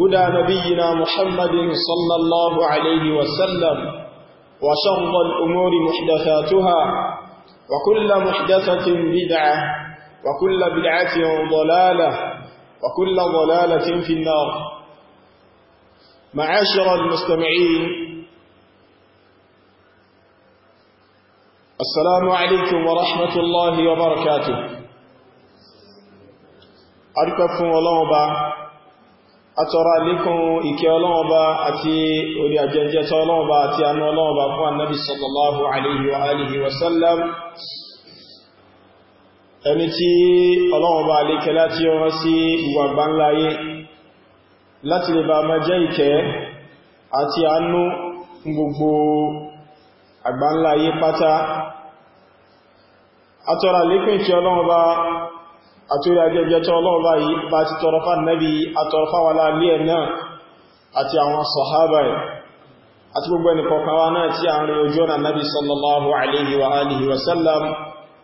هدى نبينا محمد صلى الله عليه وسلم وشر الأمور محدثاتها وكل محدثة بدعة وكل بدعة ضلالة وكل ضلالة في النار معاشر المستمعين السلام عليكم ورحمة الله وبركاته أركب الله وبركاته atọ́rọ alékún ìkẹ́ ọlọ́ọba àti orí àjẹjẹta ọlọ́ọba àti anú ọlọ́ọba fún annabi sallallahu alayhi wa alihi wasallam ẹni tí ọlọ́ọba alékẹ́ láti ọrọ sí ìwàgbá ńláyé láti lè bá ike jẹ́ ìkẹ́ àti anú gbogbo àgbá ńláyé pátá atọ́rọ alékún ike ọlọ́ọba àtúrí agbẹ́gbẹ́ tó ọlọ́ọ̀bá yìí bá ti tọrọfà nẹ́bí àtọrọfàwàlá alẹ́ ẹ̀ náà àti àwọn sọ̀hábà ẹ̀ àti gbogbo ẹnìkọ̀ọ̀kanwá náà tí a ń rí ojú ọ̀nà nẹ́bí sallallahu alaihi wa alihi wa sallam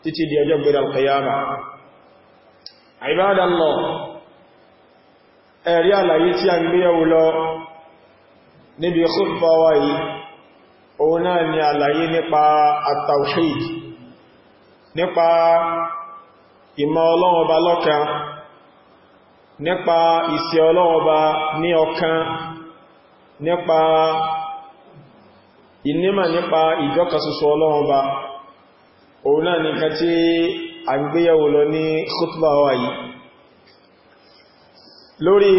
títí di ọjọ́ gbẹ̀rẹ̀ alkayama ibadallah ẹ̀rí ìmọ̀ ọlọ́wọ́ ba lọ́kan nípa ìsẹ̀ ọlọ́wọ́ ba ní ọ̀kan nípa ìnímà nípa ìjọkasoso ọlọ́wọ́ ba òun náà nìkan tí a ń gbéyàwó lọ ní khutbah wa yìí lórí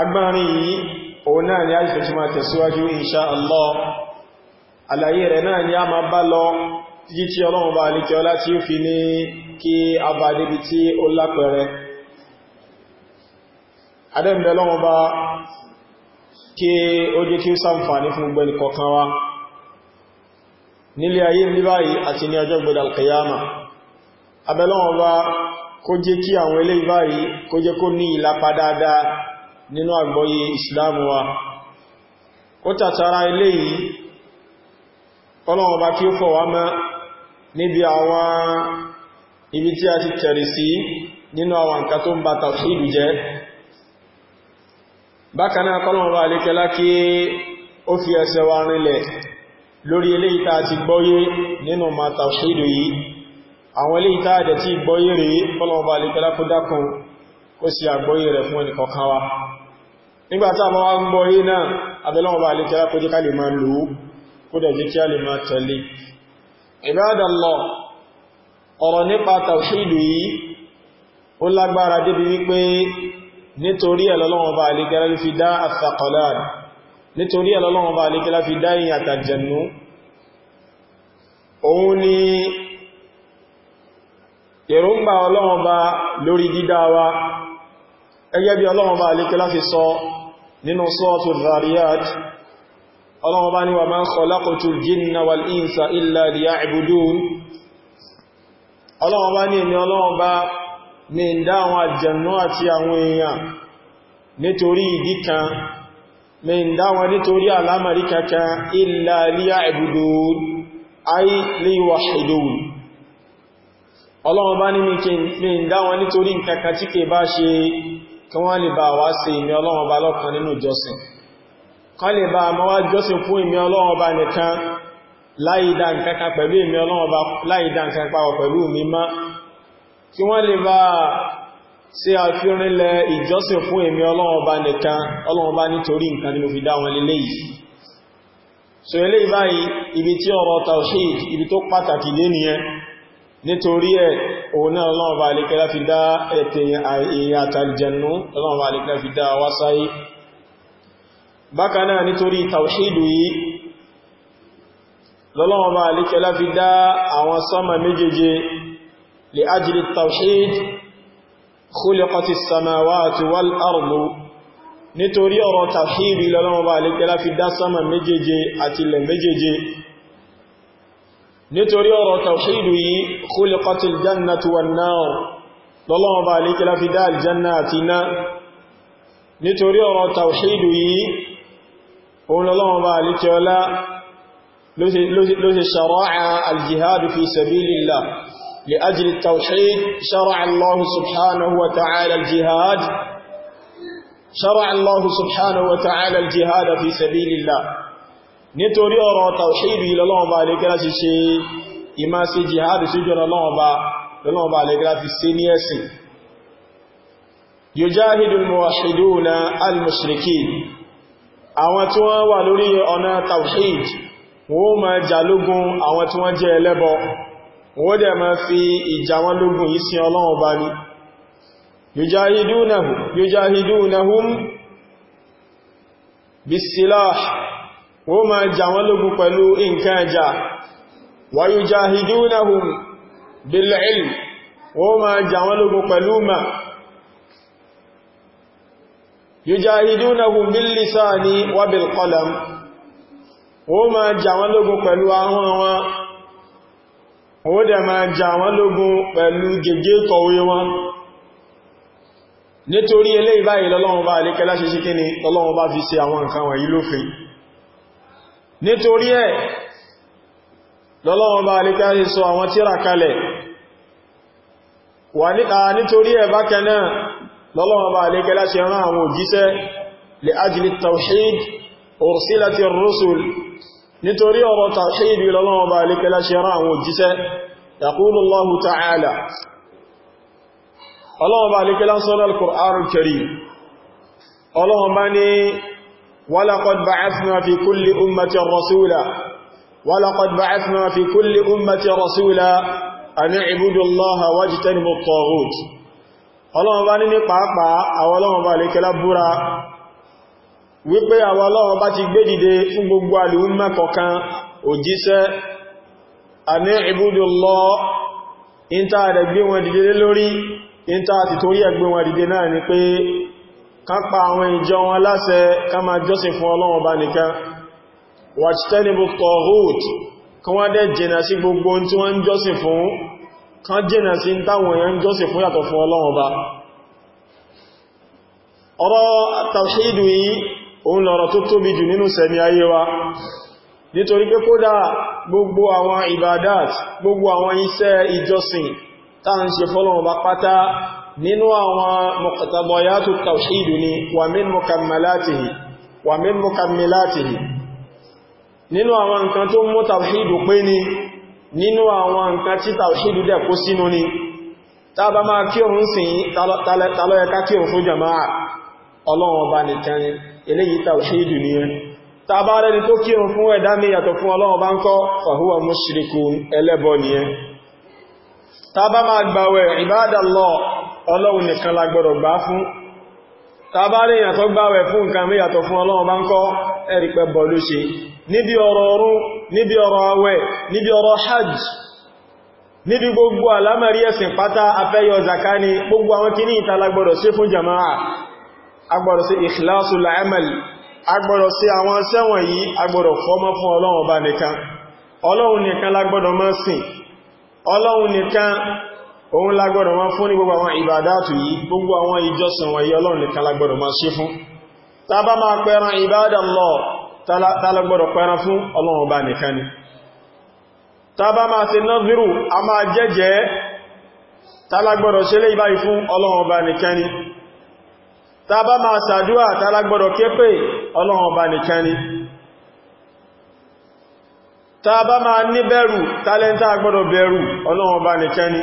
agbárin yìí òun náà ni a ìfẹ́ tí máa tẹ̀síwájú insha Allah ni a títí tí ọlọ́run bá ní kí ọlá tí ó fi ní kí a bá débi tí ó lápẹẹrẹ adẹ́mìdẹ̀ ọlọ́run bá kí ó jẹ́ kí ó ṣàǹfààní fún gbẹ̀lì kọ̀kan wa nílé ayé ní báyìí àti ní ọjọ́ gbẹ̀dà wa ó tàtàrà eléyìí ọlọ́run bá kí ó fọ̀ wá mọ́ níbi àwọn ibi tí a ti kẹ̀rì sí nínú àwọn nǹkan tó ń bá tàwíìdù jẹ́ bákanáà kọlọ̀wọ́ alékẹ́lá kí ó fi ẹsẹ̀ wa rinlẹ̀ lórí eléyìí tá ti gbọ́yé nínú ma tàwíìdù yìí àwọn eléyìí tá àdẹ̀ tí gbọ́yé rí kọlọ̀wọ́ alékẹ́lá kó dákun kó sì àgbọ́yé rẹ̀ fún ẹnìkọ̀ọ̀kan wa nígbàtí àwọn wá ń gbọ́yé náà abẹ́lọ́wọ́ alékẹ́lá kó jẹ́ ká lè máa lòó kó dẹ̀ jẹ́ kí a lè máa tẹ̀lé Ibadallah ọ̀rọ̀ nípa tàwṣídù yìí ó lágbára débi wípé nítorí ẹ̀lọ́lọ́wọ́ bá alìkẹ́lá fi dá àtàkọ̀láà nítorí ẹ̀lọ́lọ́wọ́ bá alìkẹ́lá fi dá ìyìn àtàjẹ̀nú òun ni èròǹgbà ọlọ́wọ́ bá lórí dídá ẹgẹ́ bí ọlọ́wọ́ bá fi sọ nínú sọ́ọ̀tù Dhariyat ọlọ́wọ́ bá ní wa máa khalaqtul jinna wal insa illa liya'budun ọlọ́wọ́ bá ní ẹni ọlọ́wọ́ bá ní ìdá àwọn àjẹ̀nú àti àwọn èèyàn nítorí ìdí kan ní ìdá wọn nítorí alámàrí kankan illa liya'budun ay liyuwahhidun ọlọ́wọ́ bá kan lè bá ma wá jọ́sìn fún ìmí ọlọ́run ọba nìkan láìdá nǹkankan pẹ̀lú ìmí ọlọ́run ọba láìdá nǹkan pàwọ̀ pẹ̀lú mi má kí wọ́n lè bá ṣe àfihànlẹ̀ ìjọ́sìn fún ìmí ọlọ́run ọba nìkan ọlọ́run ọba nítorí nǹkan ni mo fi dá wọn lélé yìí so ilé ìbáyìí ibi tí ọ̀rọ̀ tawhid ibi tó pàtàkì dé nìyẹn nítorí ẹ̀ òun náà ọlọ́run ọba àlekẹ́lá fi dá ẹ̀tẹ̀yìn àtàlìjẹ̀nú ọlọ́run ọba àlekẹ́lá fi dá wásáyé bákaná nítorí tàwṣídù yìí lọ́lọ́wọ́ bá alikẹ́lá fi dá àwọn sánmà méjèèje lè ajìlì tàwṣíd kúlẹ̀kọ́tí samawati wal ardu nítorí ọ̀rọ̀ tàwṣídù lọ́lọ́wọ́ bá alikẹ́lá fi dá sánmà méjèèje àti ilẹ̀ méjèèje nítorí ọ̀rọ̀ tàwṣídù yìí kúlẹ̀kọ́tí aljannatu nítorí ọ̀rọ̀ tàwṣídù yìí òun lọ́lọ́wọ́n bá alékẹ́ ọlá ló ṣe ṣàráà aljihadu fi sabilillah li ajli tawhid ṣàráà allahu subhanahu wa ta'ala aljihad ṣàráà allahu subhanahu wa ta'ala aljihada fi sabilillah nítorí ọ̀rọ̀ tawhid lọ́lọ́wọ́n bá alékẹ́ láti ṣe ìmá sí jihadu sí jọ lọ́lọ́wọ́n bá alékẹ́ láti ṣe ní ẹ̀sìn yujahidul muwahhiduna al-mushrikeen àwọn tí wọ́n wà lórí ọ̀nà tawhid wọ́n ma jalógún àwọn tí wọ́n jẹ́ ẹlẹ́bọ wọ́n dẹ̀ ma fi ìjà wọn lógún yìí sí Ọlọ́run bá ní yujahidunahum bisilah wọ́n ma jà wọn lógún pẹ̀lú nǹkan ẹja wa yujahidunahum bil wọ́n ma jà wọn lógún pẹ̀lú ma yujahidunahum bil lisani wa bil qalam ó ma jà wọ́n lógun pẹ̀lú ahọ́n wọn ó dẹ̀ ma jà wọ́n lógun pẹ̀lú gègé kọ̀wé wọn nítorí eléyìí báyìí lọ́lọ́run bá alékẹ́ láṣe sí kí ni lọ́lọ́run bá fi ṣe àwọn nǹkan wọ̀nyí lófin nítorí ẹ̀ lọ́lọ́run bá alékẹ́ láṣe sọ àwọn tírà kalẹ̀ wà nítorí ẹ̀ bákan lọ́lọ́wọ́ bá alẹ́kẹ́ láti rán àwọn òjíṣẹ́ lè ajìlì tawhid ursilati ar-rusul nítorí ọ̀rọ̀ tawhid lọ́lọ́wọ́ bá alẹ́kẹ́ láti rán àwọn òjíṣẹ́ yaqulu Allahu ta'ala ọlọ́wọ́ bá alẹ́kẹ́ lásán al-Qur'an al-Karim ọlọ́wọ́ bá ní walaqad ba'athna fi kulli ummatin rasula walaqad ba'athna fi kulli ummatin rasula an i'budu Allaha wajtanibu at-taghut ọlọ́run bá ní ní pàápàá àwọn ọlọ́run bá lè kẹlá búra wípé àwọn ọlọ́run bá ti gbé dìde fún gbogbo àlùmọ̀ kọ̀kan òjíṣẹ́ àní ìbúdùlọ́ ìntà rẹ̀ gbé wọn dìde lé lórí ìntà àti torí ẹgbẹ́ wọn dìde náà ni pé kápa àwọn ìjọ wọn láṣẹ ká máa jọ́sìn fún ọlọ́run bá nìkan wàtítẹ́nibù tọ̀hút kí wọ́n dẹ̀ jìnà sí gbogbo tí wọ́n ń jọ́sìn fún kan jẹ́nà sí táwọn èèyàn jọ́sìn fún yàtọ̀ fún Ọlọ́run ba ọ̀rọ̀ tàwíìdù yìí òun lọ̀rọ̀ tó tóbi jù nínú sẹ̀mí ayé wa nítorí pé kódà gbogbo àwọn ibadat gbogbo àwọn iṣẹ́ ìjọsìn tá ń ṣe fọ́lọ́run ba pátá nínú àwọn muqtadayatu tàwíìdù ni wà min mukammalatihi nínú àwọn nǹkan tó mú tàwíìdù pé ni nínú àwọn nǹkan tí tàwíṣídù dẹ̀ kó sínú ni tá máa kí òun sìn tàlọ́yẹká kí òun fún jama'a ọlọ́run ọba nìkan ni eléyìí ni ẹ tá bá rẹni tó kí òun fún yàtọ̀ fún ọlọ́run ọba ni tàbárí èyàn tó gbáwẹ̀ fún nǹkan mí yàtọ̀ fún ọlọ́run bá ń kọ́ ẹ̀rì pẹ̀ bọ̀ ló ṣe níbi ọ̀rọ̀ ọrún níbi ọ̀rọ̀ àwẹ̀ níbi ọ̀rọ̀ hajj níbi gbogbo àlámẹ̀rí ẹ̀sìn pátá afẹ́yọ zaka gbogbo àwọn kìíní jama'a agbọ̀rọ̀ ikhlasu la'amal agbọ̀rọ̀ sí àwọn sẹ́wọ̀n yìí agbọ̀rọ̀ fọ́mọ́ fún ọlọ́run ọba nìkan ọlọ́run nìkan lágbọ́dọ̀ mọ́sìn òun lágbọ́dọ̀ máa fún ní gbogbo àwọn ìbádátù yìí gbogbo àwọn ìjọsìn wọ̀nyí Ọlọ́run nìkan lágbọ́dọ̀ máa ṣe fún tá máa pẹran ibadallah tá lágbọ́dọ̀ pẹran fún Ọlọ́run ọba nìkan ni tá máa ṣe nọ́zírù a Ọlọ́run ọba nìkan ni tá máa níbẹ̀rù gbọ́dọ̀ bẹ̀rù Ọlọ́run ọba nìkan ni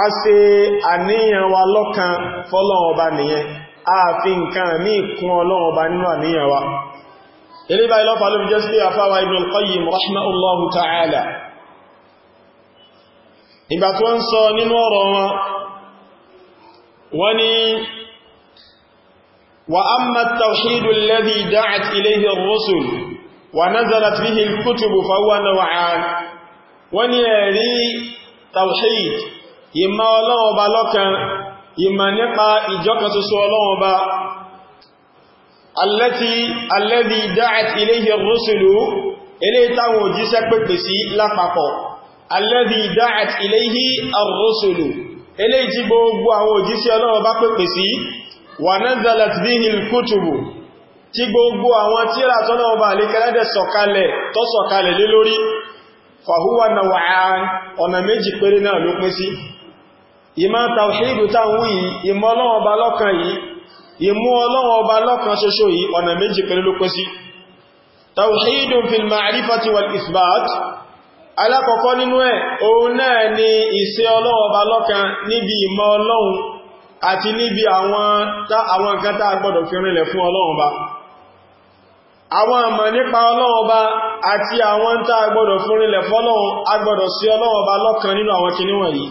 a ṣe àníyàn wa lọ́kan fọ́lọ́wọ́ ọba nìyẹn a fi nǹkan mí kún ọlọ́wọ́ ọba nínú àníyàn wa ilé bá ilọ́pàá ló fi jẹ́ sí àfáwà Ibn al-Qayyim rahimahullahu ta'ala ìgbà tó wọ́n ni وأما التوحيد ìmọ̀ ọlọ́run ọba lọ́kan ìmọ̀ nípa ìjọkan ṣoṣo ọlọ́run ọba allati alladhi da'at ilayhi ar-rusulu eléyìí táwọn òjíṣẹ́ pèpè sí lápapọ̀ alladhi da'at ilayhi ar-rusulu eléyìí tí gbogbo àwọn òjíṣẹ́ ọlọ́run bá pèpè sí tí gbogbo àwọn bá lè kẹ́lẹ́dẹ̀ sọ̀kalẹ̀ tó sọ̀kalẹ̀ lé lórí fàhúwà na wàá ọ̀nà méjì péré náà ló pín sí ìmá tàwíìdù táwọn yìí ìmọ̀ ọlọ́wọ́ ọba lọ́kan yìí ìmú ọlọ́wọ́ ọba lọ́kan ṣoṣo yìí ọ̀nà méjì pẹ̀lú ló pẹ́ sí tàwíìdù fil ma'rifati wal isbat alákọ̀ọ́kọ́ nínú ẹ̀ òun náà ni ìṣe ọlọ́wọ́ ọba lọ́kan níbi ìmọ̀ ọlọ́run àti níbi àwọn nǹkan tá a gbọ́dọ̀ fi rinlẹ̀ fún ọlọ́run ọba àwọn àmà nípa ọlọ́run ọba àti àwọn tá a gbọ́dọ̀ fi rinlẹ̀ fọ́lọ́run a gbọ́dọ̀ sí ọlọ́run ọba lọ́kan nínú àwọn kìnnìwọ̀n yìí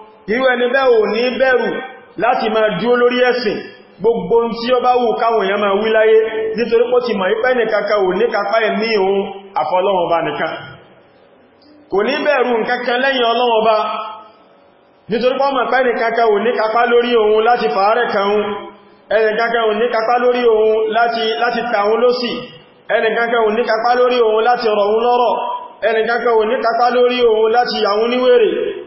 irú ẹni bẹ́ẹ̀ ò ní bẹ̀rù láti máa dúró lórí ẹ̀sìn gbogbo tí ó bá wù káwọn èèyàn máa wí láyé nítorí pó ti mọ̀ ipẹ́ nìkankan ò ní kápá ẹ̀mí òun àfọlọ́wọ́n bá nìkan kò ní bẹ̀rù nǹkankan lẹ́yìn ọlọ́wọ́n bá nítorí pó mọ̀ pẹ́ nìkankan ò ní kápá lórí òun láti fàárẹ̀ kan òun ò ní kápá lórí òun láti ta níwèrè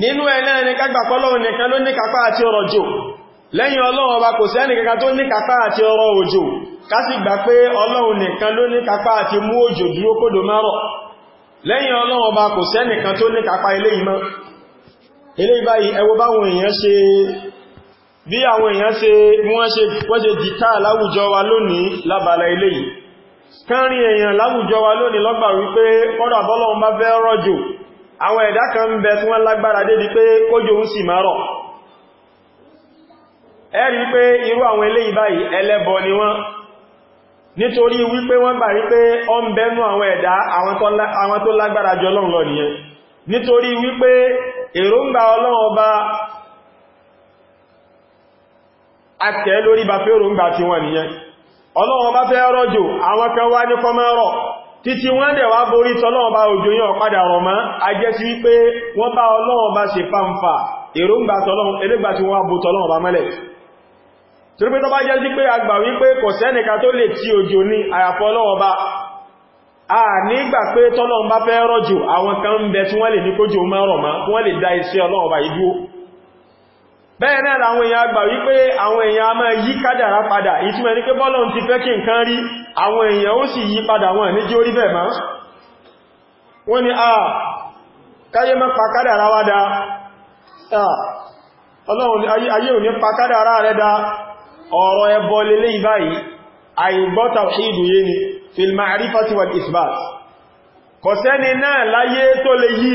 nínú ẹ̀nà ẹni kágbà pọ́lọ́wọ́ nìkan ló ní kápá àti ọrọ̀ jò lẹ́yìn Ọlọ́run ọba kò sí ẹnìkankan tó ní kápá àti ọrọ̀ òjò ká sì gbà pé Ọlọ́run nìkan ló ní kápá àti mú òjò dúró kódò márọ̀ lẹ́yìn Ọlọ́run ọba kò sí ẹnìkan tó ní kápá ilé ìmọ́ ilé ìbáyìí ẹwọ báwọn èèyàn ṣe bí àwọn èèyàn ṣe wọ́n ṣe wọ́n dìtà láwùjọ wa lónìí lábala ilé yìí kánrin èèyàn láwùjọ wa lónìí lọ́gbà wípé kọ́dà bọ́lọ́run bá fẹ́ rọ̀jò àwọn ẹ̀dá kan ń bẹ tí wọ́n lágbára pé kójò ń sì márọ̀ ẹ̀rí pé irú àwọn ilé báyìí ẹlẹ́bọ ni wọ́n nítorí wípé wọ́n gbà pé ọ ń bẹnu àwọn ẹ̀dá àwọn tó lágbára jọ Ọlọ́run lọ nìyẹn títí wọ́n dẹ̀ wá borí tọ́lọ́wọ́ bá òjò yàn padà rọ̀ mọ́ a jẹ́ sí wípé wọ́n bá ọlọ́wọ́ bá ṣe pàǹfà èròǹgbà tọ́lọ́wọ́ elégbà tí wọ́n bú tọ́lọ́wọ́ bá mẹ́lẹ̀ torípé tó bá jẹ́ sí pé agbà wípé kò sẹ́nìká tó lè tí òjò ní a nígbà pé tọ́lọ́wọ́ bá fẹ́ rọ̀jò àwọn kan ń bẹ tí wọ́n lè ní kójò mọ́rọ̀ mọ́ wọ́n bẹ́ẹ̀ náà àwọn èèyàn agbà wípé àwọn èèyàn a máa yí kádàrá padà ìtumẹ̀ ní pé bọ́lọ̀ ti fẹ́ kí nǹkan rí àwọn èèyàn ó sì yí padà wọn ní jí orí bẹ̀ máa wọ́n ni a ah, káyé mọ́ pàkádà ara wá dá ah, ọlọ́run ayé ò ní ara rẹ̀ dá ọ̀rọ̀ ẹbọ lélé ìbáyìí àìgbọ́ta ìdù yé ni fil isbat kò sẹ́ni náà láyé tó lè yí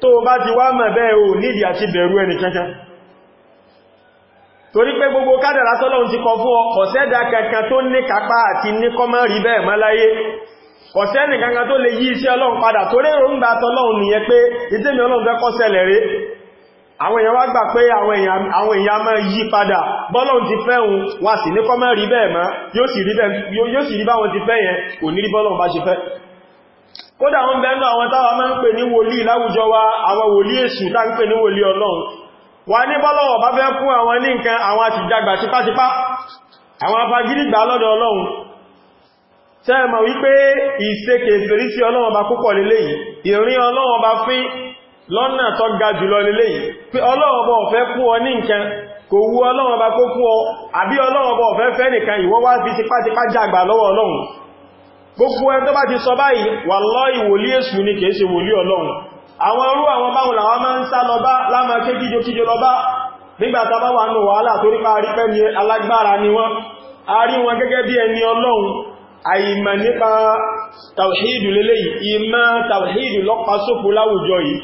tó bá ti wá mọ̀ bẹ́ẹ̀ o nídìí àti bẹ̀rù ẹni kankan torí pé gbogbo kádàrá tọ́lọ́run ti kọ fún ọ kò kankan tó ní kápá àti ní kọ́mọ́ rí bẹ́ẹ̀ mọ́ láyé kankan tó lè yí iṣẹ́ ọlọ́run padà torí èròǹgbà tọ́lọ́run nìyẹn pé ìtẹ́mi ọlọ́run fẹ́ àwọn èèyàn wá gbà pé àwọn èèyàn máa yí padà ti fẹ́ wà sí ní kọ́mọ́ mọ́ kódà wọn bẹ̀ẹ́nú àwọn táwa máa ń pè ní wòlíì láwùjọ wa àwọn wòlíì èṣù tá ń pè ní wòlíì ọlọ́run wà ní bọ́lọ́wọ̀ bá fẹ́ fún àwọn ní nǹkan àwọn àti ìjàgbà tipátipá àwọn afagídìgbà lọ́dọ̀ ọlọ́run tẹ́ẹ̀mọ̀ wípé ìṣẹ́kẹ̀ ìfèrí sí ọlọ́run bá púpọ̀ lélẹ́yìn ìrìn ọlọ́run bá fín lọ́nà tó ga jùlọ lélẹ́yìn pé ọlọ́run bá ọ̀fẹ́ fún ọ ní nǹkan kò wú ọlọ́run bá kó fún ọ àbí ọlọ́run bá ọ̀fẹ́ nìkan ìwọ wá fi tipátipá jàgbà lọ́wọ́ ọlọ́run gbogbo ẹn tó bá ti sọ báyìí wàláhì wòlí èṣù ni kìí ṣe wòlí ọlọ́run àwọn irú àwọn báwọn làwọn máa ń sá lọ bá lámà ké kíjo kíjo lọ bá nígbàtà bá wà nù wàhálà torí pa rí ní alágbára ni wọ́n a rí wọn gẹ́gẹ́ bí ẹni ọlọ́run àìmọ̀ nípa tàwíìdù lélẹ́yìí ìmọ̀ tàwíìdù lọ́pàá sófò láwùjọ yìí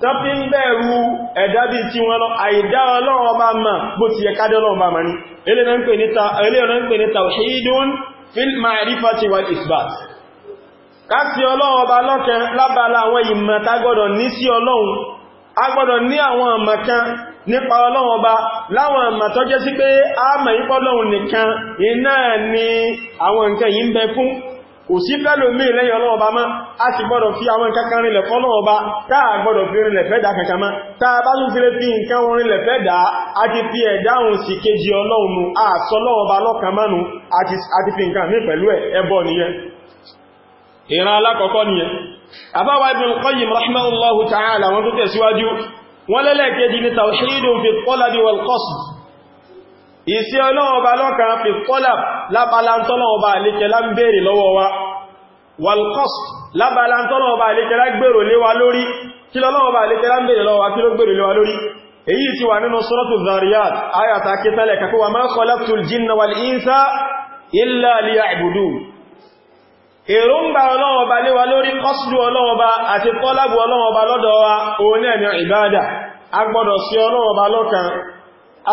tán fi ń bẹ̀rù ẹ̀dá bí tí wọ́n lọ àìdá ọlọ́run ọba mọ̀ bó ti yẹ kádé ọlọ́run mọ̀ ní ilé fil ma'rifati wal isbat káàkì ọlọ́run ọba lọ́kẹ lábàlá àwọn ìmọ̀ta gbọ́dọ̀ ní sí ọlọ́run a gbọ́dọ̀ ní àwọn ọmọkan nípa ọlọ́run ọba láwọn ọmọ jẹ́ sí pé a mọ̀ ìpọ́lọ́run nìkan iná ni àwọn nǹkan yìí ń bẹ fún kò sí fẹ́lò mí lẹ́yìn ọlọ́wọ́ bá máa a sì gbọ́dọ̀ fi àwọn kankan rinlẹ̀ fọ́lọ́wọ́ bá táà gbọ́dọ̀ fi rinlẹ̀ fẹ́dà kankan máa táà bá tún fílé fi nǹkan wọn rinlẹ̀ fẹ́dà àti fi ẹ̀dáhùn sí kejì ọlọ́run àsọlọ́wọ́ bá lọ́kan mánu àti fi nǹkan mí pẹ̀lú ẹbọ nìyẹn ìran alákọ̀ọ́kọ́ nìyẹn àbáwá Ibn Qayyim rahimahullahu ta'ala wọn tó tẹ̀síwájú wọn lẹ́lẹ́kejì ni tawhidun fi talabi wal qasd ìsí ọlọ́wọ́ bá lọ́kàn fi tọ́làb lábàlántọ́lọ́wọ́ bá àlékẹ́lá ń bèèrè lọ́wọ́ wa walqasd lábàlántọ́lọ́wọ́ bá àlékẹ́lá gbèrò léwa lórí kí lọ́wọ́ bá àlékẹ́lá ń bèèrè lọ́wọ́ wa kí ló gbèrò léwa lórí èyí tí wà nínú suratu Dhariyat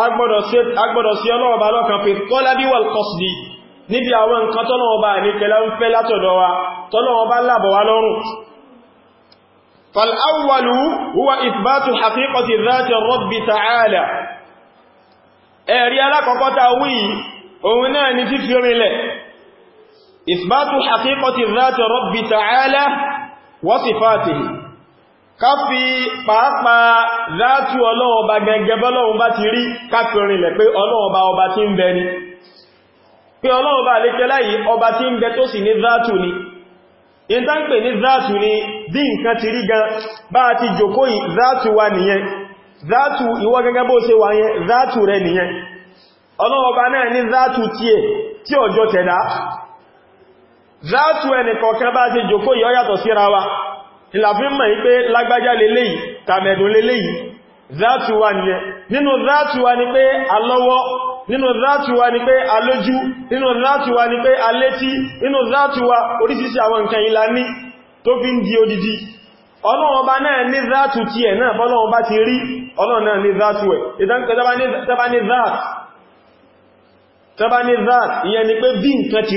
agbọ́dọ̀ sí ọlọ́wọ́ bá lọ́kàn fi tọ́lábí wà kọ́sìdì níbi àwọn nǹkan tọ́lọ́wọ́ bá ní kẹlá ń fẹ́ látọ̀dọ̀ wa tọ́lọ́wọ́ bá lábọ̀ wá lọ́rùn فالأول هو إثبات حقيقة ذات الرب تعالى ẹ̀rí alákọ̀ọ́kọ́ta wí ká fi pàápàá láti ọlọ́run ọba gẹngẹ bọ́lọ́run bá ti rí kápẹrin lẹ̀ pé ọlọ́run ọba ọba tí ń bẹ ni pé ọlọ́run ọba àlékẹ́ láyìí ọba tí ń bẹ tó sì ní záàtù ni ìta ń pè ní záàtù ni bí nǹkan ti rí gan bá ti jòkó yìí záàtù wa nìyẹn záàtù ìwọ gẹ́gẹ́ bó ṣe wà yẹn záàtù rẹ nìyẹn ọlọ́run ọba náà ní záàtù tiẹ̀ tí ọjọ́ tẹ̀dá záàtù ẹnìkọ̀ọ̀kan bá ti jòkó wa ìlàfíìmọ̀ yí pé lágbájá leléyìí tàmẹ̀dùn leléyìí záàtùwà nìyẹn nínú záàtùwà ni pé alọ́wọ́ nínú záàtùwà ni pé alójú nínú záàtùwà ni pé alétí nínú záàtùwà oríṣiríṣi àwọn nǹkan ìlà ní tó fi ń di odidi ọlọ́wọ́n bá náà ní záàtù tí ẹ̀ náà bọ́lọ́wọ́n bá ti rí ọlọ́wọ́n náà ní záàtù ẹ̀ ìdánkẹ́ tẹ́bá ní ni pé bí nǹkan ti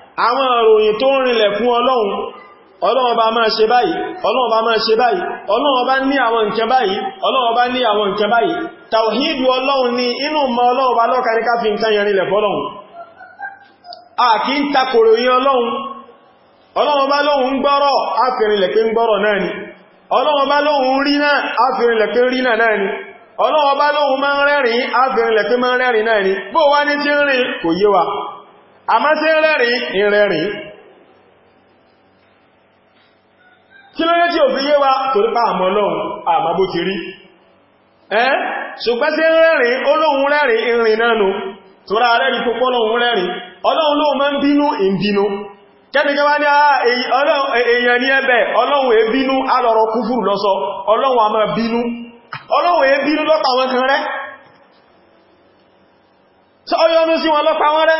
àwọn ìròyìn tó rinlẹ̀ fún ọlọ́run ọlọ́run bá máa ṣe báyìí ọlọ́run bá máa ṣe báyìí ọlọ́run bá ní àwọn nǹkan báyìí ọlọ́run bá ní àwọn nǹkan báyìí tàwíìdù ọlọ́run ní inú mọ ọlọ́run bá lọ́ka ní káfí nǹkan yẹn rinlẹ̀ fọ́lọ́run a kì í takòrò yín ọlọ́run ọlọ́run bá lóhun ń gbọ́rọ̀ áfìrinlẹ̀ pé ń gbọ́rọ̀ àmá sí rẹ́rìn ìrẹ́rìn kí ló yẹ́ tí ò fi yé wa torípa àmọ́ lọ́hun àmá bó ti rí ẹ́ ṣùgbọ́n sí rẹ́rìn olóhun rẹ́rìn ìrìn nánu tóra rẹ́rìn tó pọ́lọ́hun rẹ́rìn ọlọ́hun ọlọ́hun lọ́pàá wọn kan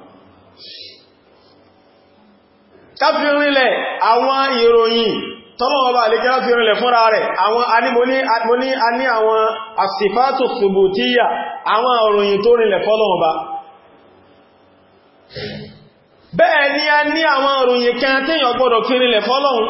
káfí rinlẹ̀ àwọn ìròyìn tọ́lọ̀wọ́bà lè kẹ́rọ fi rinlẹ̀ fúnra rẹ̀ àwọn anímọ́ní a ní àwọn àsìfàtò ṣubùtíyà àwọn ìròyìn tó rinlẹ̀ fọ́lọ̀wọ́bà bẹ́ẹ̀ ni a ní àwọn ìròyìn kan tí yọ gbọ́dọ̀ fi rinlẹ̀ fọ́lọ̀wọ́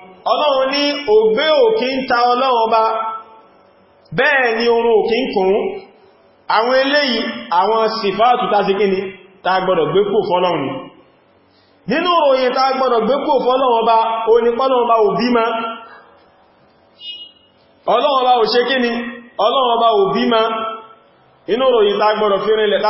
ọlọ́run ní ògbé òkí ń ta ọlọ́run ọba bẹ́ẹ̀ ni orun òkí ń kùn àwọn eléyìí àwọn sífàtù tàbí kíni ta gbọ́dọ̀ gbé kò fọ́lọ́run nínú òyìn ta gbọ́dọ̀ gbé kò fọ́lọ́run ọba onípọ́lọ́run ọba òbí ma ọlọ́run ọba ò ṣe kíni ọlọ́run ọba òbí ma inú òyìn ta gbọ́dọ̀ fi rinlẹ̀ ta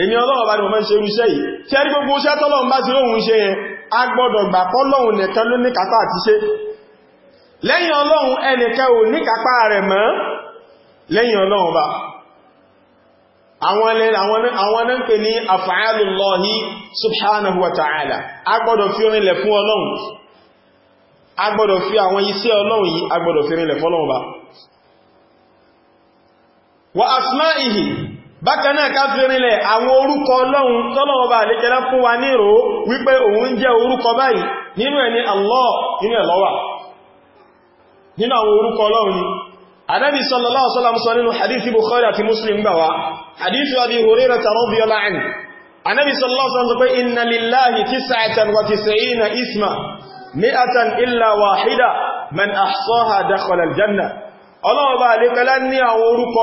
èmi ọlọ́run bá ní ọmọ ṣe irúṣẹ́ yìí tí ẹrí gbogbo iṣẹ́ tọ́lọ́run bá sí lóhun ṣe yẹn a gbọ́dọ̀ gbà pọ́lọ́run nìkan ló níkàpá àti ṣe lẹ́yìn ọlọ́run ẹnìkan ò níkàpá rẹ̀ mọ́ lẹ́yìn ọlọ́run bá àwọn ẹni pè ní af'alullahi subhanahu wa ta'ala a gbọ́dọ̀ fi rinlẹ̀ bá wa asma'ihi bákanáà ká fi rinlẹ̀ àwọn orúkọ ọlọ́run tọ́lọ́wọ́ bá lékẹ́lá fún wa ní ìrò wípé òun jẹ́ orúkọ báyìí nínú ẹni Allah nínú ẹ̀lọ́wà nínú àwọn orúkọ ọlọ́run ni Ànábì sallallahu alaihi wasallam sọ nínú hadithi Bukhari pé inna lillahi tis'atan wa tis'ina isma mi'atan illa wahida man ahsaha dakhala al-janna ọlọ́wọ́ bá lékẹ́lá ní àwọn orúkọ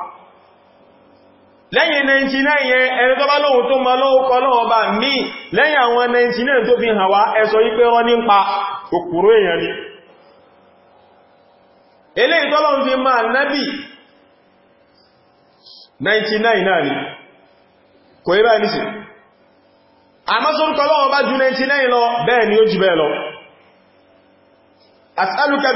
lẹ́yìn 99 ẹni tó bá lóhun tó ma lóhun kọ lọ́wọ́ bá mí lẹ́yìn àwọn 99 tó fi hàn wá ẹsọ ipé rán ní pa òkúrò èèyàn ni ilé ìtọ́lọ̀ fi máa nábì 99 náà ni kò yí bá ní sí àmọ́sọ́nkọ lọ́wọ́ bá ju 99 lọ bẹ́ẹ̀ ni ó jù bẹ́ẹ̀ lọ as'aluka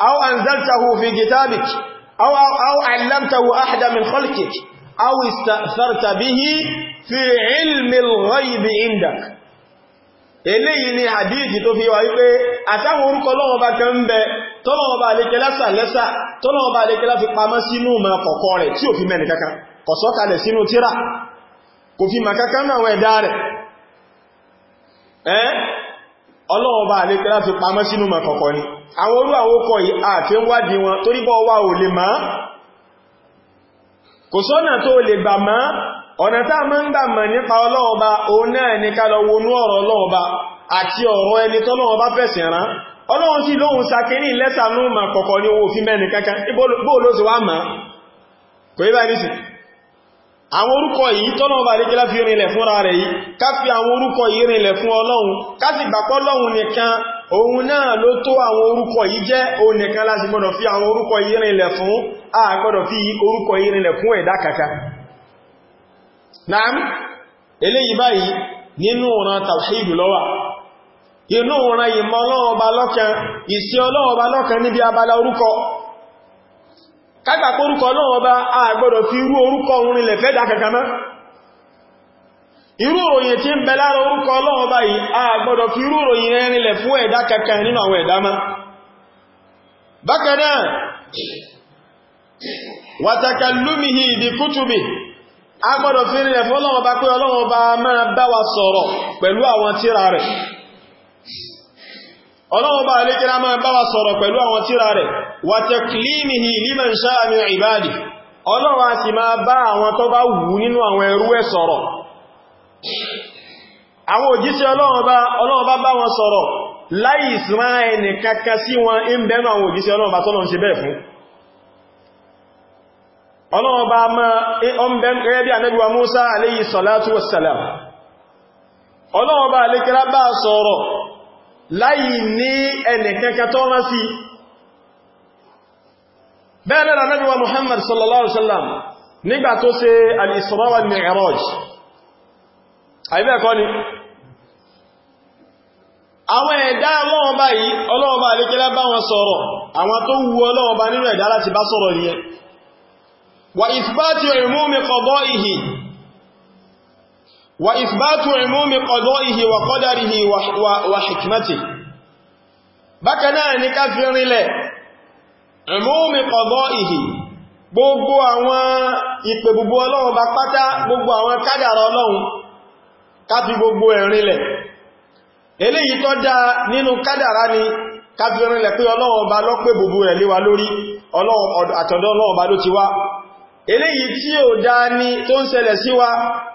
أو أنزلته في كتابك أو, أو, أو علمته أحدا من خلقك أو استأثرت به في علم الغيب عندك eléyìí ni hadithi tó fi wà wípé àtàwọn orúkọ lọ́wọ́ bá kan ń bẹ tọ́lọ́wọ́ bá lè kẹlá sàlẹ́sà tọ́lọ́wọ́ bá lè kẹlá fi pamọ́ sínú ma kọ̀kọ́ rẹ̀ tí ò fi mẹ́rin kankan kò sínú tírà kò fi màkankan náà wẹ̀ dáa rẹ̀ ọlọ́wọ́ bá lè pẹ́lá ti pamọ́ sínú mọ̀kọ̀kọ̀ ni àwọn orú àwọn okọ̀ àti ń wádìí wọn torí bọ́ wà ò lè máa kò sọ́nà tó lè gbà máa ọ̀nà tá mọ́ ń gbà nípa ọlọ́ọba o náà ní lọ wọnú ọlọ́ọba àwọn orúkọ yìí tọ́nà ọba àríkẹ́lá fi rìnlẹ̀ fúnra rẹ̀ yìí ká fi àwọn orúkọ yìí rìnlẹ̀ fún ọlọ́run ká sì gbàpọ́ lọ́run nìkan òun náà ló tó àwọn orúkọ yìí jẹ́ òun nìkan láti gbọ́dọ̀ fi àwọn orúkọ yìí rìnlẹ̀ fún a fi orúkọ yìí rìnlẹ̀ fún ẹ̀dá kaka inú ọ̀ràn ìmọ̀ ìsí níbi abala orúkọ kágbà pórúkọ náà a àgbọ́dọ̀ fi irú orúkọ orin lẹ̀ fẹ́ dákẹ̀kẹ́mẹ́ irú òròyìn tí ń bẹ lára orúkọ Ọlọ́run ọba a fi irú òròyìn ẹrin lẹ̀ fún ẹ̀dá kẹkẹ nínú àwọn ẹ̀dá mọ́ bákan náà fi ọba ọlọ́run bá alékírá máa bá wa sọ̀rọ̀ pẹ̀lú àwọn tíra rẹ̀ wà taklimihi liman sha'a min ibadi ọlọ́run a sì máa bá àwọn tó bá wù nínú àwọn ẹrú ẹ̀ sọ̀rọ̀ àwọn òjíṣẹ́ ọlọ́run bá bá wọn sọ̀rọ̀ láì ìsìnmá ẹni kaka sí wọn in bẹ̀rún àwọn òjíṣẹ́ ọlọ́run bá tọ́lọ́run láì ní ẹnìkankan tó rán sí bẹ́ẹ̀ náà Ànábì wa Muhammad sallallahu alaihi wasallam nígbà tó ṣe al-Isra wal Mi'raj àìbẹ́ ẹ̀kọ́ ni àwọn ẹ̀dá Ọlọ́run bá yìí Ọlọ́run bá bá wọn sọ̀rọ̀ àwọn tó wu Ọlọ́run nínú ẹ̀dá láti bá sọ̀rọ̀ nìyẹn wa ithbati umumi qada'ihi wa emume umumi ihe wa qadarihi wa wa hikmatihi bakana ni emume umumi ihe gbogbo awon ipe gbogbo olohun ba pata gbogbo awon kadara olohun kafi gbogbo erinle eleyi to ninu kadara ni kafirile pe olohun ba lo pe gbogbo re wa lori olohun atodo olohun ba lo eleyi ti o da ni to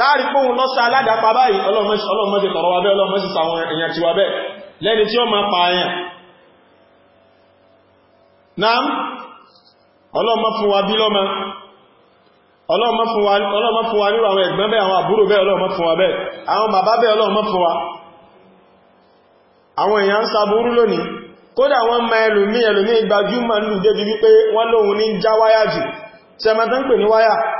táàrí fóhun lọ́sà aládàpá báyìí ọlọ́mọ́sí tọ̀rọ wabẹ́ ọlọ́mọ́sí sàwọn èèyàn ti wabẹ́ lẹ́ni tí ó máa pa àyàn náà ọlọ́mọ́ fún wa bí lọ́mọ ọlọ́mọ́ fún wa nírò àwọn ẹ̀gbọ́n bẹ́ àwọn àbúrò bẹ́ ọlọ́mọ́ fún wa bẹ́ àwọn bàbá bẹ́ ọlọ́mọ́ fún wa àwọn èèyàn ń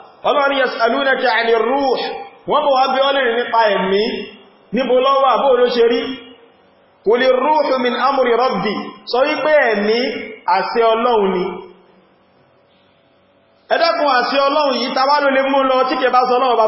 ọlọ́rin yasalúnaka àní rúh wọ́n bọ̀ wá bí ọlọ́rin nípa ẹ̀mí níbo ló wà bó ló ṣe rí kùlì rúhù min amúrì rabbi sọ wípé ẹ̀mí àṣẹ ọlọ́run ni ẹ̀dẹ́kùn àṣẹ ọlọ́run yìí tàbá ló lè mú lọ tí kẹ bá sọ ọlọ́run bá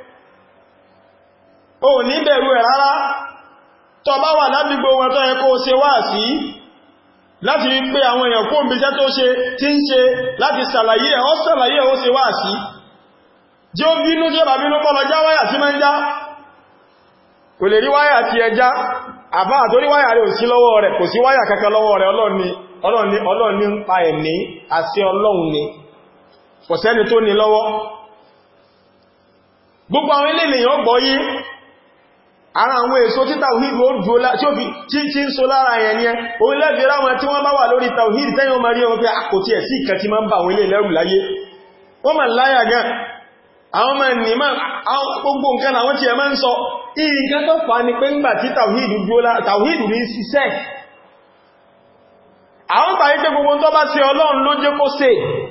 o ní bẹ̀rù ẹ̀ rárá tọ bá wà ládùúgbò wọn tó yẹ kó lati ṣe wá sí láti rí pé àwọn èèyàn kó omi iṣẹ́ tó ṣe tí ń ṣe láti sàlàyé ẹ̀ ọ́ sàlàyé ẹ̀ ó ṣe si sí jí ó bínú jí ó bínú pọ́lọ já wáyà tí máa kò lè rí wáyà ti gbogbo àwọn ilé ènìyàn ara àwọn èso tí tàwíd o dúó tí tí ń so lára yẹn ní ẹ orílẹ̀-èdè ráwọn tí wọ́n bá wà lórí tàwíd tẹ́yìn ọmọ rí wọn pé àkòtí ah, ẹ̀ ìkẹ́ tí ma ń bà wọn ilé lẹ́rù láyé wọ́n ma láyà gan àwọn ma ní ma gbogbo gbogbo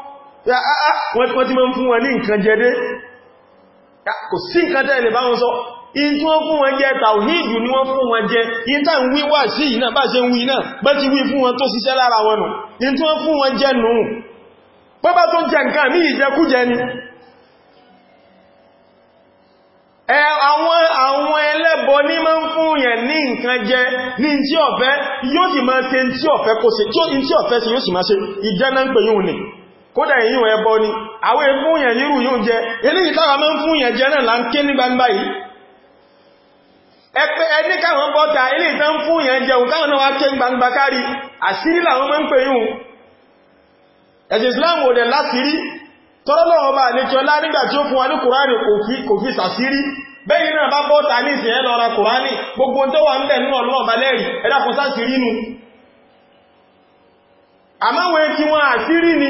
Ah, ah. wọ́n ti máa ń fún wọn ní nǹkan jẹ́dé kò sí nǹkan tẹ́ lè bá wọn sọ in tí wọ́n fún wọn jẹ́ tàwíìdù ni wọ́n fún wọn jẹ́ in tá ń wí wà sí ìná bá ṣe ń wí náà bá ti wí fún wọn tó ṣiṣẹ́ lára wọn nù in tí wọ́n fún wọn jẹ́ nù pọ́pá tó jẹ nǹkan ní ìjẹkújẹ ni àwọn ẹlẹ́bọ ní máa ń fún yẹn ní nǹkan jẹ ní tí ọ̀fẹ́ yóò sì máa ṣe tí ọ̀fẹ́ kó ṣe tí ó sì máa ṣe ìjẹ́ náà ń pè yóò nìí kódà èyàn ẹbọ ni àwọn èfúnyàn nírù yóò jẹ eléyìí tára mọ́ fúnyàn jẹ náà là ń ké ní gbangba yìí ẹgbẹ́ ẹni káwọn bọ́ta eléyìí tán fúnyàn jẹun káwọn náà wá ké ní gbangba kárí àṣírí làwọn mọ́ ń pè yùn ẹ̀sì Islam ò dẹ̀ láṣírí tọ́lọ́lọ́wọ́ bá ní kí ọlá nígbà tí ó fún wa ní kùránì kò fi sàṣírí bẹ́yìn náà bá bọ́ta ní ìsìn ẹlọ́ra àmáwọn tí wọ́n àṣírí ni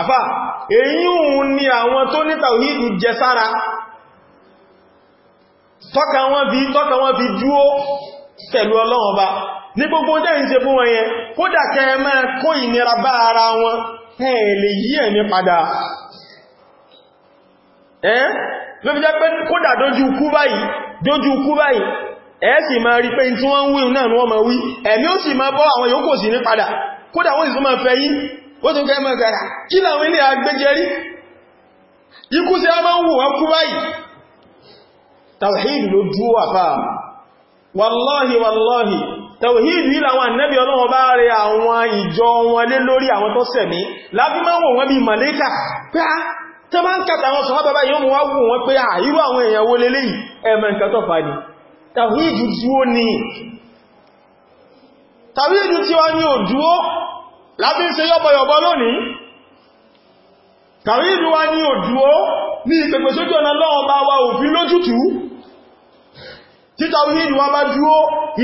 àfà èyí òun ni àwọn tó ní tàwíìdù jẹ sára tọ́ka wọn fi tọ́ka wọn fi dúó pẹ̀lú ọlọ́run ọba ní gbogbo jẹ́ ìṣe fún wọn yẹn kódà kẹ máa kó ìnira bá ara wọn ẹ lè yí ẹ̀mí padà ẹ́ ló fi jẹ́ pé kódà dójú kú báyìí dójú kú báyìí kódà wọ́n sì tún máa fẹ́ yí ó tún kẹ́ mọ̀gbàrà kí làwọn ilé agbẹ́jẹ́rí ikú sí a máa ń wù wọ́n kú báyìí tàwàhídì ló dúó wà fáà wàláhì wàláhì tàwàhídì ìlàwọn annabi ọlọ́wọ́ bá rẹ àwọn ìjọ wọn lé lórí àwọn tó sẹ̀mí láti máa wọ̀ wọ́n bí màlẹ́kà pé ah, á ah, tó máa tí wọ́n ní ò láti ń ṣe yọ́bọ̀yọ̀bọ̀ lónìí kàrí ìlú wa ní òdúó ní ìpẹ̀pẹ̀ sójú ọ̀nà lọ́wọ́ bá wa òfin lójútù títà orí ìlú wa bá dúó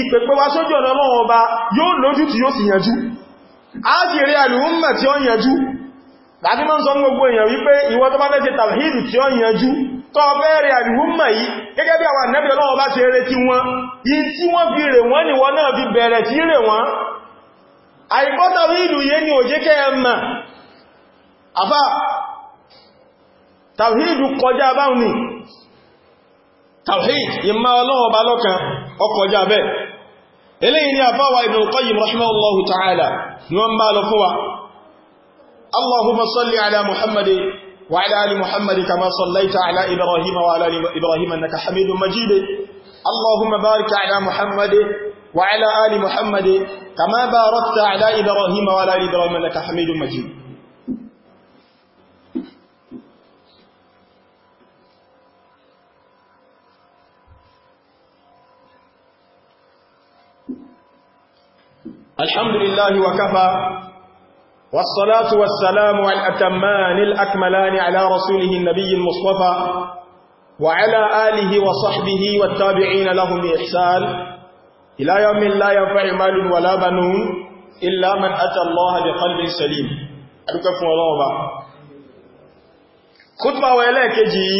ìpẹ̀pẹ̀ wa sójú ọ̀nà lọ́wọ́ bá yóò lójútù yóò sì yanjú a sì rí àlùmọ̀ tí ó yanjú láti mọ́ sọ gbogbo èèyàn wípé ìwọ tó bá fẹ́ ṣe tàbíìlù tí ó yanjú tó bẹ́ẹ̀rẹ̀ àlùmọ̀ yìí gẹ́gẹ́ bí àìkọ́ta wílù yé ni ò jẹ́ kẹ́ ẹmà àfá tàwíìdù kọjá báhùn ní tàwíìdù ìmá ọlọ́wọ́ bá lọ́kan ọkọjá bẹ́ eléyìn ni àfá wa Ibn Qayyim rahimahullahu ta'ala ni wọ́n bá lọ fúwa Allahumma salli ala Muhammadin wa ala ali Muhammadin kama sallaita ala Ibrahim wa ala Ibrahim innaka Hamidum Majid Allahumma barik ala Muhammadin وعلى آل محمد كما باركت على إبراهيم وعلى آل إبراهيم أنك حميد مجيد الحمد لله وكفى والصلاة والسلام على الأتمان الأكملان على رسوله النبي المصطفى وعلى آله وصحبه والتابعين لهم بإحسان إلى يوم لا ينفع مال ولا بنون إلا من أتى الله بقلب سليم أدوك فún Ọlọ́run ba khutba wa ẹlẹ́kejì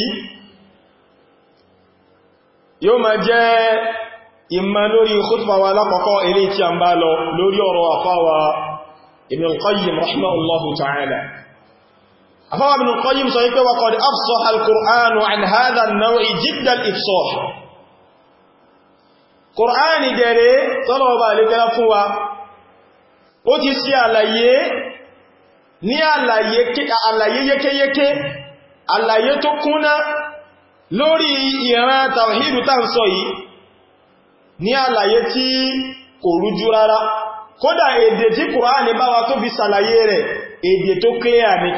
yóò máa jẹ́ ìmọ̀ lórí khutba wa lápapọ̀ ilé tí a ń bá lọ lórí ọ̀rọ̀ àfáwà Ibn al-Qayyim rahimahullahu ta'ala àfáwà Ibn Kùránì dẹ̀rẹ́ tọ́lọ̀ ọba àlékẹ́lá fún wa ó ti sí àlàyé ní àlàyé yékéyéké àlàyé tó kúnná lórí ìran tàwàhídù tá sọ yìí ní àlàyé tí kò rújú rárá kódà èdè tí Kùránì bá wa tó fi sàlàyé rẹ̀ èdè tó kílẹ̀ àmì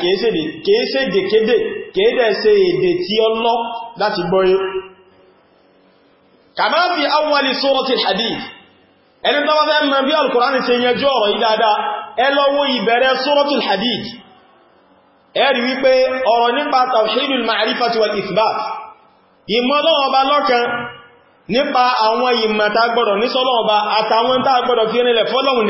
kèése kàmá fi awwali suratil hadith ẹni tó wọ́n fẹ́ mọ̀ bí alkùránì ṣe yẹjú ọ̀rọ̀ yìí dáadáa ẹ lọ wo ìbẹ̀rẹ̀ suratul hadith ẹ rí wípé ọ̀rọ̀ nípa tawhidul ma'rifati wal ithbat ìmọ́lọ́ọba lọ́kan nípa àwọn ìmọ̀ta gbọ́dọ̀ ní sọ́lọ́ọba àtàwọn tá gbọ́dọ̀ fi rinlẹ̀ fọ́lọ́hun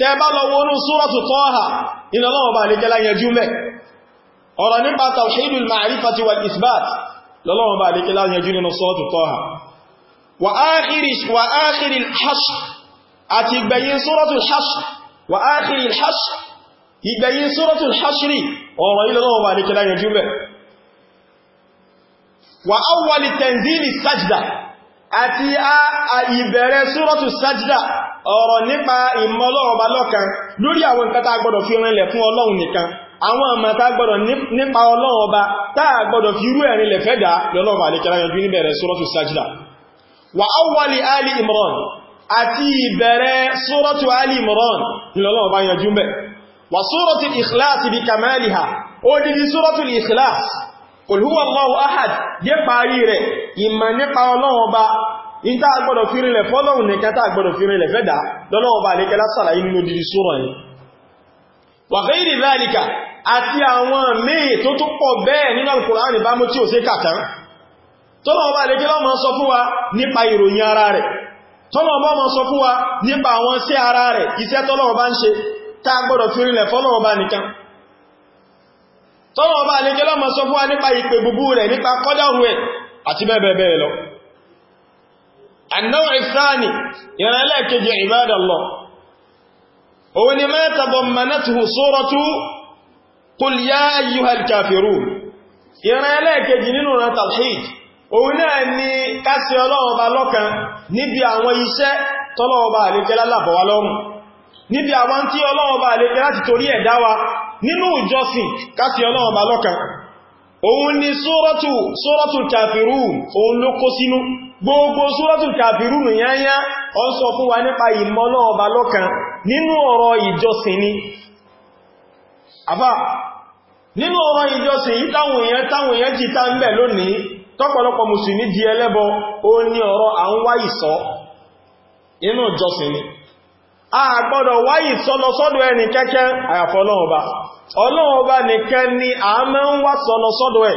tẹ bá lọ wọnú súrọ̀tù Tọ́hà iná lọ́wọ́ bá lè jẹ́ láyẹjú mẹ́ ọ̀rọ̀ nípa tawhidul ma'rifati wal isbat lọ́wọ́ bá lè jẹ́ láyẹjú nínú súrọ̀tù Tọ́hà wa áàkìrì hashr àti ìgbẹ̀yìn súrọ̀tù hashr wa áàkìrì hashr ìgbẹ̀yìn ọ̀rọ̀ nípa ìmọ̀ ọlọ́run ọba lọ́kan lórí àwọn nǹkan tá gbọ́dọ̀ fi rìnlẹ̀ fún ọlọ́run nìkan àwọn àmà tá gbọ́dọ̀ nípa ọlọ́run ọba tá gbọ́dọ̀ fi rú ẹ̀rin lẹ̀ fẹ́dà lọ́lọ́run àlekẹ́ra yanjú níbẹ̀rẹ̀ sọ́rọ̀tù sájídà wà áwọlì alì imran àti ìbẹ̀rẹ̀ sọ́rọ̀tù alì imran lọ́lọ́run ọba yanjú mẹ́ wà sọ́rọ̀tù ìkìláàsì bí kamaliha ó in ta gbọ́dọ̀ fi rinlẹ̀ fọ́lọ́hun ní kẹta gbọ́dọ̀ fi rinlẹ̀ fẹ́dà lọ́lọ́wọ́ bá lè kẹlá sàlàyé nínú dìdì sọ́rọ̀ yìí wà fẹ́ ìrìn láìlìkà àti àwọn mẹ́yẹ tó tó pọ̀ bẹ́ẹ̀ nínú al wa nípa ìròyìn ara rẹ̀ tọ́lọ́wọ́ bá mọ́ wa nípa àwọn sí ara rẹ̀ iṣẹ́ tọ́lọ́wọ́ bá ń ṣe tá gbọ́dọ̀ fi rinlẹ̀ fọ́lọ́wọ́ bá nìkan tọ́lọ́wọ́ bá lè kẹlá mọ́ sọ fún wa nípa ìpè gbogbo rẹ̀ nípa kọ́dọ̀rù ẹ̀ àti bẹ́ẹ̀ bẹ́ẹ̀ lọ النوع الثاني ينالك يا عباد الله هو ما تضمنته سورة قل يا أيها الكافرون ينالك جنيننا تلحيد هنا أني كاسي الله بالوكا نبي عن ويشاء طلعوا بالك لا بوالهم níbi àwọn tí ọlọ́wọ́ bá àlejẹ́ láti torí ẹ̀dá wa nínú ìjọsìn kásì ọlọ́wọ́ bá lọ́kan òun ni sóràtù kàfírù òun ló kó sínú gbogbo suratul kafirun yányá ọ sọ fún wa nípa ìmọ̀ náà ọba lọ́kan nínú ọ̀rọ̀ ìjọsìn ni àbá nínú ọ̀rọ̀ ìjọsìn yí táwọn èèyàn táwọn èèyàn jí tá ń bẹ̀ lónìí tọ́pọ̀lọpọ̀ musulmi di ẹlẹ́bọ ó ní ọ̀rọ̀ à ń wá ìsọ́ inú ìjọsìn ni a gbọ́dọ̀ wá ìsọ́ lọ sọ́dọ̀ ẹni kẹ́kẹ́ àyàfọ́ ọlọ́ọ̀ba ọlọ́ọ̀ba nìkan ni a ń wá sọ lọ sọ́dọ̀ ẹ̀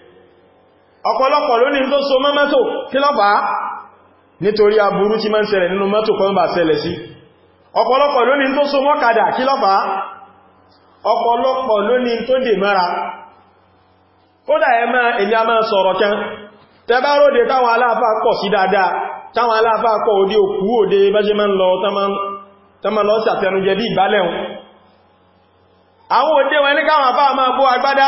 ọ̀pọ̀lọpọ̀ ló ní tó so mọ́ mọ́tò kí ló fà á nítorí aburú tí máa ń ṣẹlẹ̀ nínú mọ́tò kan bá ṣẹlẹ̀ sí ọ̀pọ̀lọpọ̀ ló ní tó so mọ́ kàdà kí ló fà á ọ̀pọ̀lọpọ̀ ló ní tó dè mọ́ra kódà ẹ máa èyí a máa sọ̀rọ̀ kan tẹbá róde táwọn aláàfà pọ̀ sí àwọn òde wọn ní káwọn àfà máa bó agbádá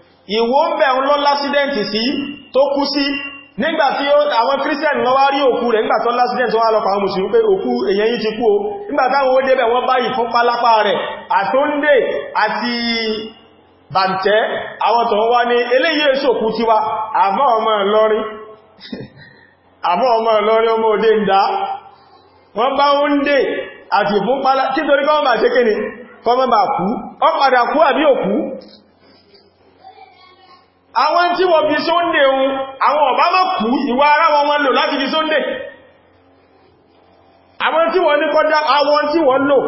ìwó ń bẹ̀ ń lọ lásídẹ̀ntì sí tó kú sí nígbàtí àwọn christian lọ wá rí òkú rẹ̀ nígbàtí ó lásídẹ̀ntì wá lọ́pàá mùsùlùmí pé òkú èyàn yìí ti kú o nígbàtí àwọn ó débẹ̀ wọ́n báyìí fún pálápá rẹ̀ àtóńdè àti bàǹtẹ́ àwọn tó wá ní eléyìí èso òkú tiwa àmọ́ ọmọ Ìlọrin àmọ́ ọmọ wọ́n bá ń àwọn tí wọ́n fi sóndé ohun àwọn ọ̀bá mọ́ kú ìwà ara wọn wọ́n lò láti fi sóndé àwọn tí wọ́n ní kọ́dá àwọn tí wọ́n lò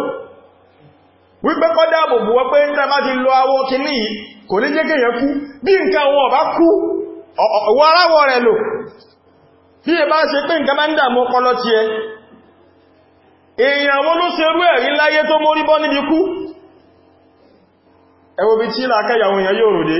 wípé kọ́dá àbòbò wọ́n pé ní bá ti lọ àwọn kìíní kò ní jẹ́ kéyàn kú bí nǹkan wọn ọ̀bá kú ọwọ́ ara wọn rẹ̀ lò bí ẹ bá ṣe pé nǹkan bá ń dàmú ọpọlọ ti ẹ èèyàn wọn ló ṣe rú ẹ̀rí láyé tó mórí bọ́ níbi kú ẹwọ́ bí tí làákàyàwó èèyàn yóò rò dé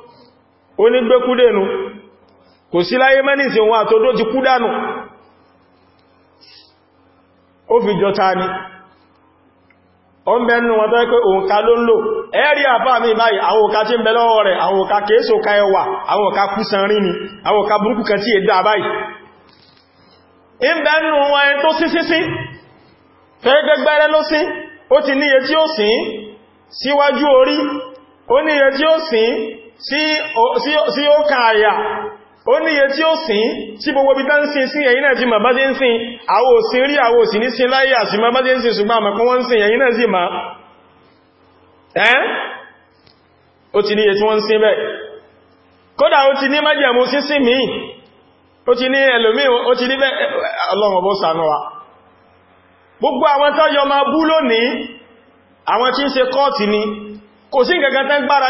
onígbékúdénu kò sí láyé mẹ́nìsì òun àtòdó ti kú dánù ó fi jọta ni ó ń bẹnu wọn tó ẹ́ pé òǹkà ló ń lò ẹ̀rí àbá mi báyìí àwọn òǹkà tí ń bẹ lọ́wọ́ rẹ̀ àwọn òǹkà kèésò ka ẹwà àwọn òǹkà kúsan rí ni àwọn òǹkà tí ó sìn sí ó kààyà ó níye tí ó sín tí gbogbo bí tán sí ẹ̀yìn náà jí ma bá jẹ́ ń sín àwọ òsìn rí àwọ òsìn ní sín láyé àti ma bá jẹ́ ń sín ṣùgbọ́n àmọ̀kún wọ́n ń ẹ̀yìn náà ma ẹ́ ó ti níye tí wọ́n ń sín kódà ó ti ní májẹ̀mú ti ti gbogbo ma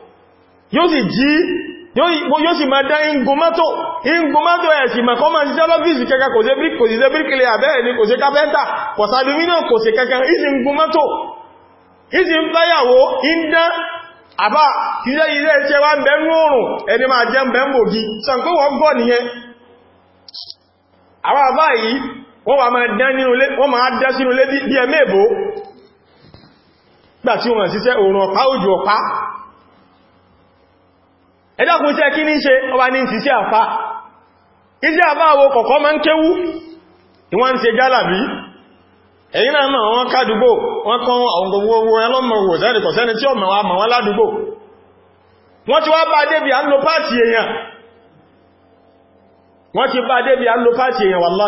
yóò sì jí yóò sì máa dá ingomato ingomato ẹ̀ sì máa kọ́mọ̀ sí sálọ́fíìsì kẹka kò sí bíríkì kò sí bíríkìlẹ̀ àbẹ́ẹ̀ ni kò sí kápẹ́ntà kò sàlúmínà kò sí kẹka ìsì ingomato ìsì ń báyàwó ìdá àbá ilé ilé wá ń bẹ ẹ̀dàkùn iṣẹ́ kí ní ṣe ọba ní ìsìṣẹ́ àfá iṣẹ́ àfá àwọ kọ̀kọ́ ma ń kéwú ìwọ́n ṣe jálàbí ẹ̀yìn náà náà wọ́n kádùgbò wọ́n kan ọgbogbo wọn lọ́mọ̀wò wọn lo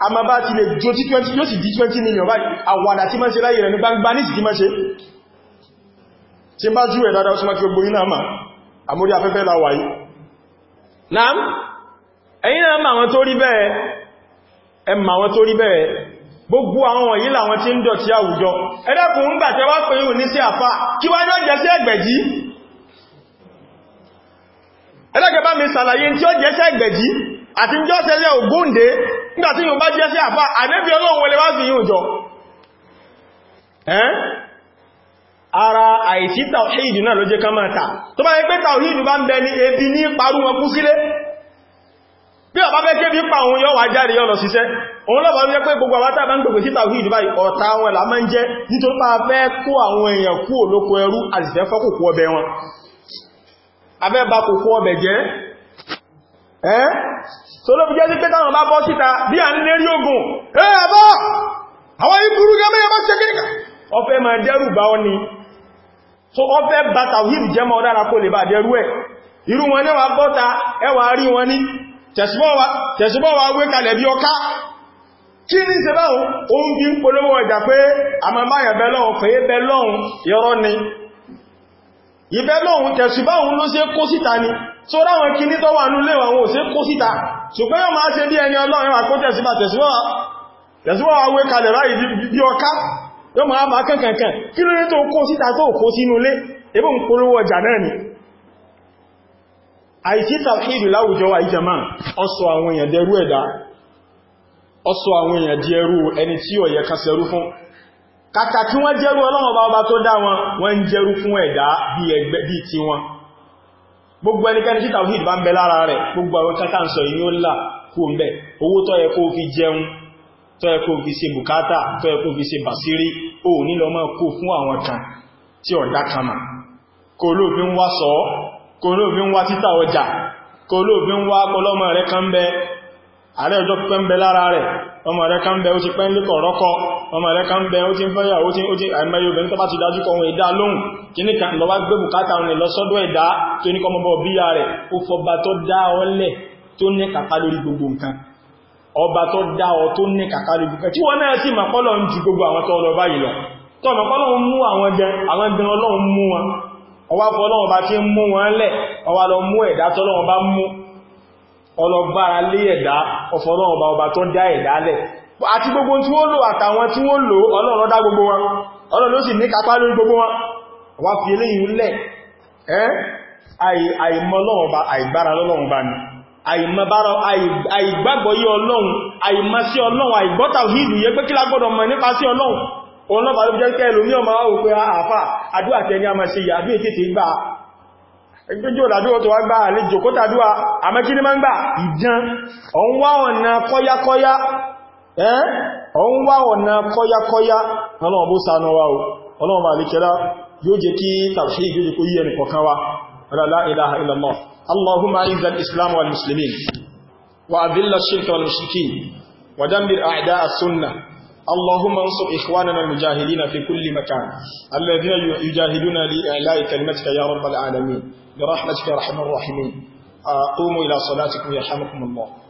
a ma bá ti lè jó tí 20 yóò sì di 20 million báyìí àwàdà tí máa ṣe láyé rẹ̀ ní gbangba ní ìsìnkí máa ṣe tí bá jú ẹ̀ dáadáa súnmọ́ kí gbogbo iná àmórí afẹ́fẹ́ la wáyé naam ẹ̀yìn náà ma wọn tó rí bẹ́ẹ̀ ẹ ma wọn tó rí bẹ́ẹ̀ gbogbo àwọn wọ̀nyí làwọn tí ń dọ̀tí àwùjọ ẹ̀dẹ́kùn ń gbà tẹ́wà pé ìwò jọ́ tẹ́lẹ̀ ògbóǹdé nígbà tí yóò bá jẹ́ sí àfá ànẹ́bí ọlọ́run wọlé wá sí yóò jọ ara àìsí tàwíìdì náà ló jẹ́ kan tó bá yẹ pé bá ń bẹ ní ebi ní parú wọn kú sílé bí ọba fẹ́ kébí pa òun yọ́ járe yọ́ lọ síṣẹ́ òun lọ́bàá jẹ́ pé gbogbo àwátà bá ń gbogbo sí tàwíìdì báyìí ọ̀tá àwọn ẹ̀là máa ń jẹ́ nítorí pa fẹ́ kó àwọn èèyàn kú olóko ẹrú àti ọbẹ̀ ẹ́ tó ló fi jẹ́ sí pé táwọn bá bọ́ síta bí abụọ, ń lérí ogun ẹ̀ẹ́bọ́ àwọn ìbúrú gẹ́mẹ́ ẹmọ́ ṣe kíríkà ọfẹ́ ma dẹ́rù bá ọ ni tó ọfẹ́ bá tàwíìdì jẹ́ mọ́ dára kó lè bá dẹ́rù ẹ̀ wọn ní wà bọ́ta ẹwà rí wọn wa kalẹ̀ bí ọká ìfẹ́ lóhun tẹ̀sùbá òun ló ṣe kó síta ni tó ráwọn kí ní tó wà nílé àwọn òṣè kó síta ṣùgbọ́n yóò máa ṣe bí ẹni ọlọ́rin àkó tẹ̀sùbá tẹ̀sùbá àwẹ́ kalẹ̀ wa ìjẹmà ọsọ àwọn èèyàn dẹrú ẹ̀dá ọsọ àwọn èèyàn di ẹrú ẹni tí ó yẹ kan kàkà kí wọ́n jẹ́rú ọlọ́run bá ọba tó dá wọn wọ́n ń jẹ́rú fún ẹ̀dá bí ẹgbẹ́ bí ti wọn gbogbo ẹnikẹ́ni títà òhìn bá ń bẹ lára rẹ̀ gbogbo àwọn kátà ń sọ ìyó ńlá kú ń bẹ owó tó yẹ kó fi jẹun tó yẹ kó fi ààrẹ ọjọ́ pípẹ́ ń bẹ lára rẹ̀ ọmọ rẹ̀ kan bẹ ó ti pẹ́ ń lékọ̀ rọ́kọ́ ọmọ rẹ̀ kan bẹ ó ti ń fẹ́yà ó ti àìmẹ́yẹ obìnrin tó bá ti dájú kọ ohun ìdá lóhun kí ní kan lọ́wọ́ gbé bùkátà rìn lọ sọ́dọ̀ ẹ̀dá tó ní kọmọbọ̀ bíyà rẹ̀ ó fọba tó dá ọ lẹ̀ tó ní kàkà lórí gbogbo nǹkan ọba tó dá ọ tó ní kàkà lórí gbogbo tí wọ́n náà sì mà pọ́lọ̀ ń ju ọlọ́gbára lé ẹ̀dá ọ̀fọ́nà ọba ọba tó dá ẹ̀dá lẹ̀ àti gbogbo tí wọ́n lò àtàwọn tí wọ́n lò ọlọ́run dá gbogbo wọn ọlọ́run ló sì ní kápá lórí gbogbo wọn wá fi eléyìí lẹ̀ ẹ́ àìmọ̀ lọ́wọ́ bá àìgbára lọ́wọ́ bá ní àìmọ̀bára àìgbàgbọ́ yí ọlọ́run àìmọ̀ sí ọlọ́run àìgbọ́ta hìdù yẹ pé kí lágbọ́dọ̀ mọ̀ nípa sí ọlọ́run òun lọ́pàá ìgbójú òlàdúwò tó wá gbá àlejò kó tàdúwà àmẹ́kí ní máa ń gbà ìdán ọ̀hún wá ọ̀nà kọ́yákọ́yá ẹ́n ọ̀hún wá ọ̀nà kọ́yákọ́yá ọlọ́run bó sánú wá o ọlọ́run bá lékẹ́lá yóò jẹ́ kí tàbí yóò jẹ́ kó yí ẹnì kọ̀ọ̀kan wa la ilaha illallah allahumma a'izz اللهم انصر إخواننا المجاهدين في كل مكان الذين يجاهدون لإعلاء كلمتك يا رب العالمين برحمتك يا ارحم الراحمين آه، قوموا إلى صلاتكم يرحمكم الله